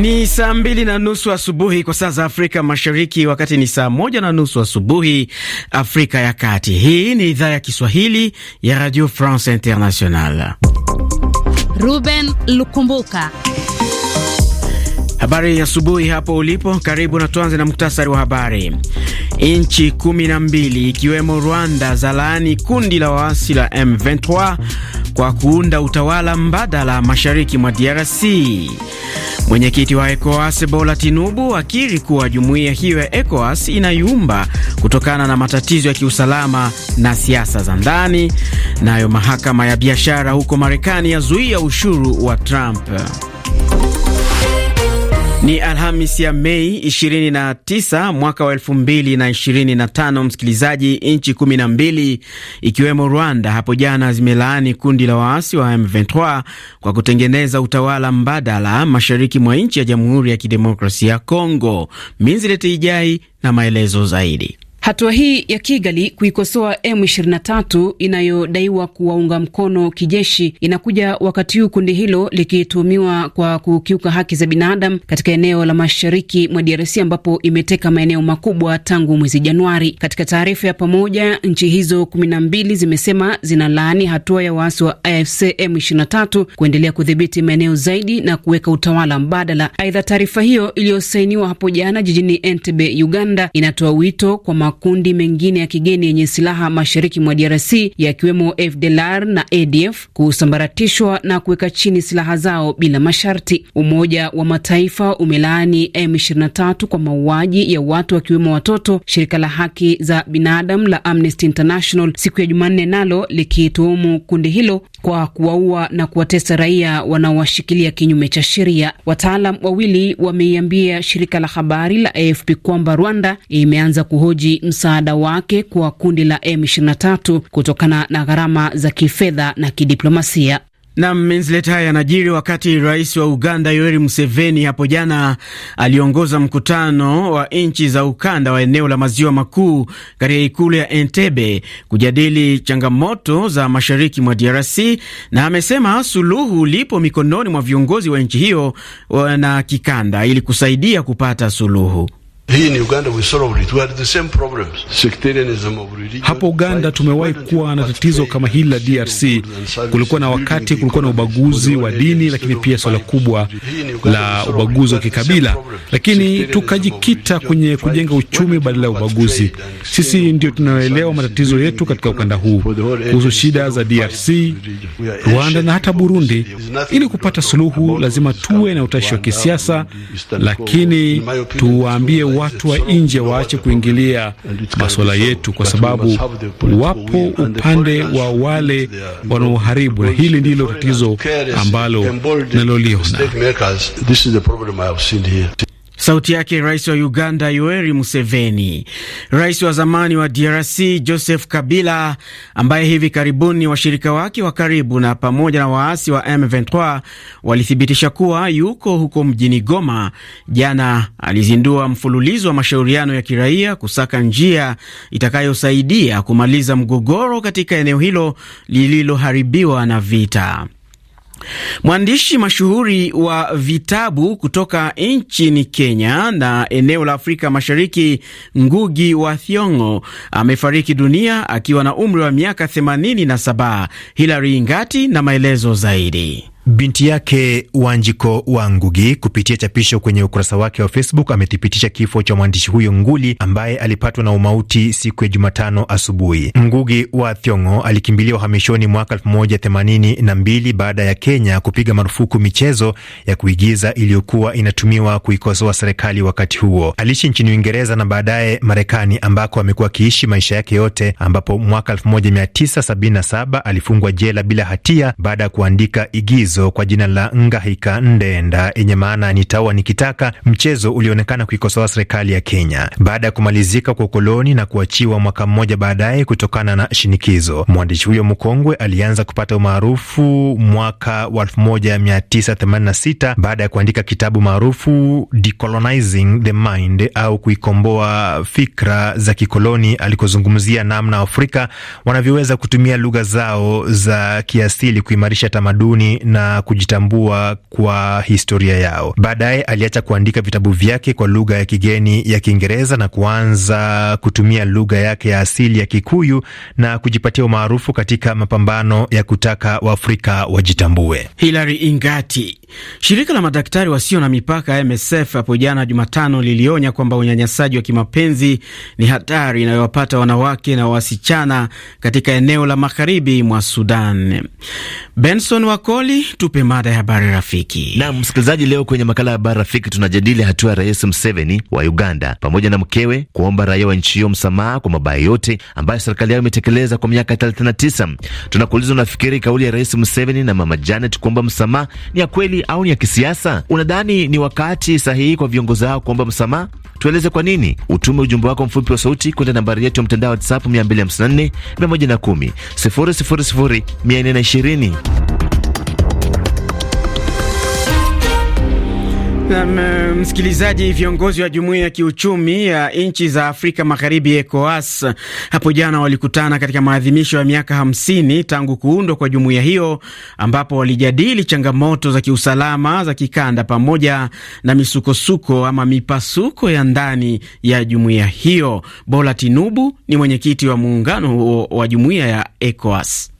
Ni saa mbili na nusu asubuhi kwa saa za Afrika Mashariki, wakati ni saa moja na nusu asubuhi Afrika ya Kati. Hii ni idhaa ya Kiswahili ya Radio France International. Ruben Lukumbuka, habari ya asubuhi hapo ulipo. Karibu na tuanze na muktasari wa habari. Nchi kumi na mbili ikiwemo Rwanda zalaani kundi la waasi la M23 kwa kuunda utawala mbadala mashariki mwa DRC. Mwenyekiti wa ECOWAS Bola Tinubu akiri kuwa jumuiya hiyo ya ECOWAS inayumba kutokana na matatizo ya kiusalama na siasa za ndani. Nayo mahakama ya biashara huko Marekani yazuia ushuru wa Trump. Ni Alhamis ya Mei 29 mwaka wa 2025. Msikilizaji, nchi 12 ikiwemo Rwanda hapo jana zimelaani kundi la waasi wa M23 kwa kutengeneza utawala mbadala mashariki mwa nchi ya Jamhuri ya Kidemokrasia ya Kongo. Minzileti Ijai na maelezo zaidi. Hatua hii ya Kigali kuikosoa M23 inayodaiwa kuwaunga mkono kijeshi inakuja wakati huu kundi hilo likituhumiwa kwa kukiuka haki za binadamu katika eneo la mashariki mwa DRC ambapo imeteka maeneo makubwa tangu mwezi Januari. Katika taarifa ya pamoja, nchi hizo kumi na mbili zimesema zinalaani hatua ya waasi wa AFC M23 kuendelea kudhibiti maeneo zaidi na kuweka utawala mbadala. Aidha, taarifa hiyo iliyosainiwa hapo jana jijini Entebbe, Uganda, inatoa wito kwa makundi mengine ya kigeni yenye silaha mashariki mwa DRC yakiwemo FDLR na ADF kusambaratishwa na kuweka chini silaha zao bila masharti. Umoja wa Mataifa umelaani M23 kwa mauaji ya watu wakiwemo watoto, shirika la haki za binadamu la Amnesty International siku ya Jumanne nalo likituumu kundi hilo kwa kuwaua na kuwatesa raia wanaowashikilia kinyume cha sheria. Wataalam wawili wameiambia shirika la habari la AFP kwamba Rwanda imeanza kuhoji msaada wake kwa kundi la M23 kutokana na gharama za kifedha na kidiplomasia. nam minslet haya yanajiri wakati rais wa Uganda Yoweri Museveni hapo jana aliongoza mkutano wa nchi za ukanda wa eneo la maziwa makuu katika ikulu ya Entebbe kujadili changamoto za mashariki mwa DRC, na amesema suluhu lipo mikononi mwa viongozi wa nchi hiyo na kikanda ili kusaidia kupata suluhu. Hii ni Uganda we it. We the same problems. Sectarianism of religion. Hapo Uganda tumewahi kuwa na tatizo kama hili la DRC. Kulikuwa na wakati kulikuwa na ubaguzi wa dini, lakini pia swala kubwa la ubaguzi wa kikabila, lakini tukajikita kwenye kujenga uchumi badala ya ubaguzi. Sisi ndio tunaoelewa matatizo yetu katika ukanda huu kuhusu shida za DRC, Rwanda na hata Burundi. Ili kupata suluhu, lazima tuwe na utashi wa kisiasa, lakini tuwaambie watu wa nje waache kuingilia masuala yetu, kwa sababu wapo upande wa wale wanaoharibu, na hili ndilo tatizo ambalo naloliona. Sauti yake rais wa Uganda Yoweri Museveni. Rais wa zamani wa DRC Joseph Kabila, ambaye hivi karibuni washirika wake wa karibu na pamoja na waasi wa M23 walithibitisha kuwa yuko huko mjini Goma, jana alizindua mfululizo wa mashauriano ya kiraia kusaka njia itakayosaidia kumaliza mgogoro katika eneo hilo lililoharibiwa na vita. Mwandishi mashuhuri wa vitabu kutoka nchini Kenya na eneo la Afrika Mashariki, Ngugi wa Thiong'o amefariki dunia akiwa na umri wa miaka 87. Hilary Ngati na maelezo zaidi. Binti yake Wanjiko wa Ngugi kupitia chapisho kwenye ukurasa wake wa Facebook amethibitisha kifo cha mwandishi huyo nguli ambaye alipatwa na umauti siku ya Jumatano asubuhi. Ngugi wa Thiong'o alikimbilia uhamishoni mwaka mbili baada ya Kenya kupiga marufuku michezo ya kuigiza iliyokuwa inatumiwa kuikosoa serikali wakati huo. Aliishi nchini Uingereza na baadaye Marekani ambako amekuwa akiishi maisha yake yote, ambapo mwaka saba alifungwa jela bila hatia baada ya kuandika igizo mchezo kwa jina la Ngahika Ndenda yenye maana nitaua nikitaka, mchezo ulioonekana kuikosoa serikali ya Kenya baada ya kumalizika kwa ukoloni na kuachiwa mwaka mmoja baadaye kutokana na shinikizo. Mwandishi huyo mkongwe alianza kupata umaarufu mwaka wa 1986 baada ya kuandika kitabu maarufu Decolonizing the Mind au kuikomboa fikra za kikoloni, alikozungumzia namna Afrika wanavyoweza kutumia lugha zao za kiasili kuimarisha tamaduni na kujitambua kwa historia yao. Baadaye aliacha kuandika vitabu vyake kwa lugha ya kigeni ya Kiingereza na kuanza kutumia lugha yake ya asili ya Kikuyu na kujipatia umaarufu katika mapambano ya kutaka Waafrika wajitambue. Hilary Ingati. Shirika la madaktari wasio na mipaka MSF hapo jana Jumatano lilionya kwamba unyanyasaji wa kimapenzi ni hatari inayowapata wanawake na wasichana katika eneo la magharibi mwa Sudan. Benson Wakoli, tupe mada ya habari rafiki. Naam msikilizaji, leo kwenye makala ya habari rafiki tunajadili hatua ya Rais Museveni wa Uganda pamoja na mkewe kuomba raia wa nchi hiyo msamaha kwa mabaya yote ambayo serikali yao imetekeleza kwa miaka 39. Tunakuuliza, unafikiri kauli ya Rais Museveni na Mama Janet kuomba msamaha ni ya kweli au ni ya kisiasa? Unadhani ni wakati sahihi kwa viongozi hao kuomba msamaha? Tueleze kwa nini. Utume ujumbe wako mfupi wa sauti kwenda nambari yetu ya mtandao wa WhatsApp 254 110 000 420. Um, msikilizaji, viongozi wa jumuiya ya kiuchumi ya nchi za Afrika Magharibi ECOWAS hapo jana walikutana katika maadhimisho ya miaka hamsini tangu kuundwa kwa jumuiya hiyo, ambapo walijadili changamoto za kiusalama za kikanda pamoja na misukosuko ama mipasuko ya ndani ya jumuiya hiyo. Bola Tinubu ni mwenyekiti wa muungano wa jumuiya ya ECOWAS.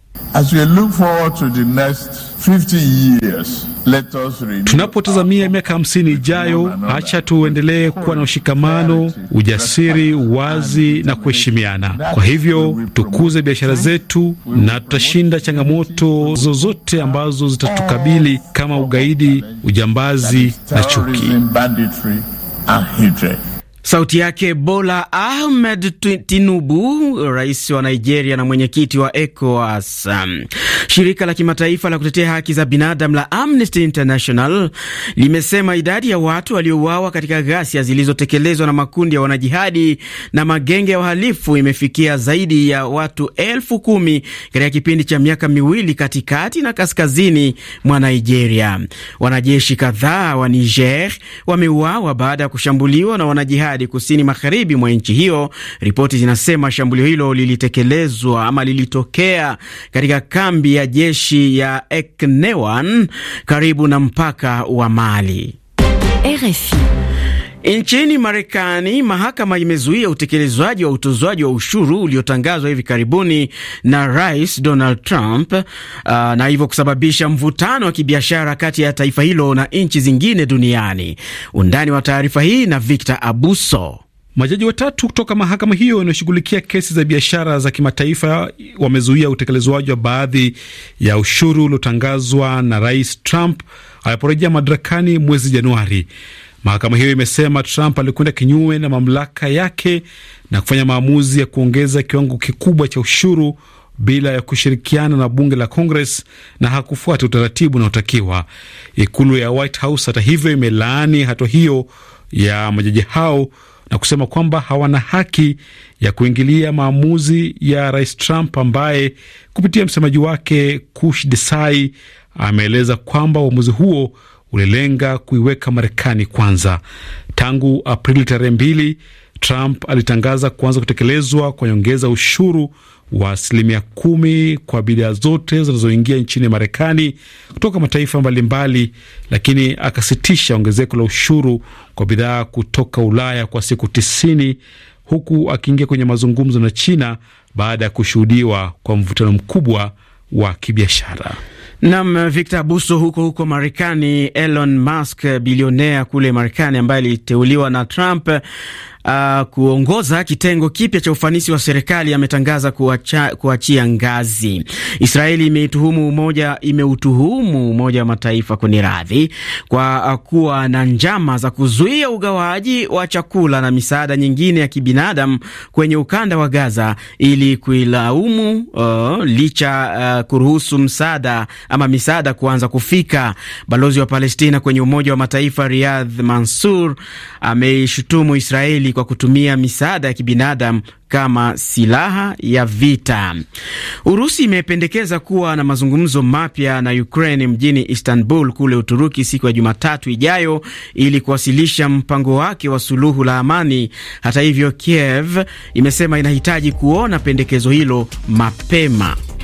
Tunapotazamia miaka hamsini ijayo, hacha tuendelee kuwa na ushikamano, ujasiri, wazi na kuheshimiana. Kwa hivyo tukuze biashara zetu na tutashinda changamoto zozote ambazo zitatukabili kama ugaidi, ujambazi na chuki. Sauti yake Bola Ahmed Tinubu, rais wa Nigeria na mwenyekiti wa ECOWAS. Um, shirika la kimataifa la kutetea haki za binadamu la Amnesty International limesema idadi ya watu waliouawa katika ghasia zilizotekelezwa na makundi ya wanajihadi na magenge ya uhalifu imefikia zaidi ya watu elfu kumi katika kipindi cha miaka miwili katikati na kaskazini mwa Nigeria. Wanajeshi kadhaa wa Niger wameuawa baada ya kushambuliwa na wanajihadi Bagdadi, kusini magharibi mwa nchi hiyo. Ripoti zinasema shambulio hilo lilitekelezwa ama lilitokea katika kambi ya jeshi ya Eknewan karibu na mpaka wa Mali. RFI. Nchini Marekani, mahakama imezuia utekelezwaji wa utozwaji wa ushuru uliotangazwa hivi karibuni na Rais Donald Trump uh, na hivyo kusababisha mvutano wa kibiashara kati ya taifa hilo na nchi zingine duniani. Undani wa taarifa hii na Victor Abuso. Majaji watatu kutoka mahakama hiyo inayoshughulikia kesi za biashara za kimataifa wamezuia utekelezwaji wa baadhi ya ushuru uliotangazwa na Rais Trump aliporejea madarakani mwezi Januari. Mahakama hiyo imesema Trump alikwenda kinyume na mamlaka yake na kufanya maamuzi ya kuongeza kiwango kikubwa cha ushuru bila ya kushirikiana na bunge la Congress na hakufuata utaratibu unaotakiwa. Ikulu ya White House, hata hivyo, imelaani hatua hiyo ya majaji hao na kusema kwamba hawana haki ya kuingilia maamuzi ya Rais Trump ambaye kupitia msemaji wake Kush Desai ameeleza kwamba uamuzi huo ulilenga kuiweka Marekani kwanza. Tangu Aprili tarehe mbili, Trump alitangaza kuanza kutekelezwa kwa nyongeza ushuru wa asilimia kumi kwa bidhaa zote zinazoingia nchini Marekani kutoka mataifa mbalimbali, lakini akasitisha ongezeko la ushuru kwa bidhaa kutoka Ulaya kwa siku tisini huku akiingia kwenye mazungumzo na China baada ya kushuhudiwa kwa mvutano mkubwa wa kibiashara. Nam eh, Victor Buso, huko huko Marekani, Elon Musk eh, bilionea kule Marekani ambaye aliteuliwa na Trump eh, uh, kuongoza kitengo kipya cha ufanisi wa serikali ametangaza kuachia ngazi. Israeli imeituhumu umoja imeutuhumu Umoja wa Mataifa kwenye radhi kwa uh, kuwa na njama za kuzuia ugawaji wa chakula na misaada nyingine ya kibinadamu kwenye ukanda wa Gaza ili kuilaumu uh, licha uh, kuruhusu msaada ama misaada kuanza kufika. Balozi wa Palestina kwenye Umoja wa Mataifa Riyadh Mansur ameishutumu Israeli kwa kutumia misaada ya kibinadamu kama silaha ya vita. Urusi imependekeza kuwa na mazungumzo mapya na Ukraine mjini Istanbul kule Uturuki siku ya Jumatatu ijayo ili kuwasilisha mpango wake wa suluhu la amani. Hata hivyo, Kiev imesema inahitaji kuona pendekezo hilo mapema.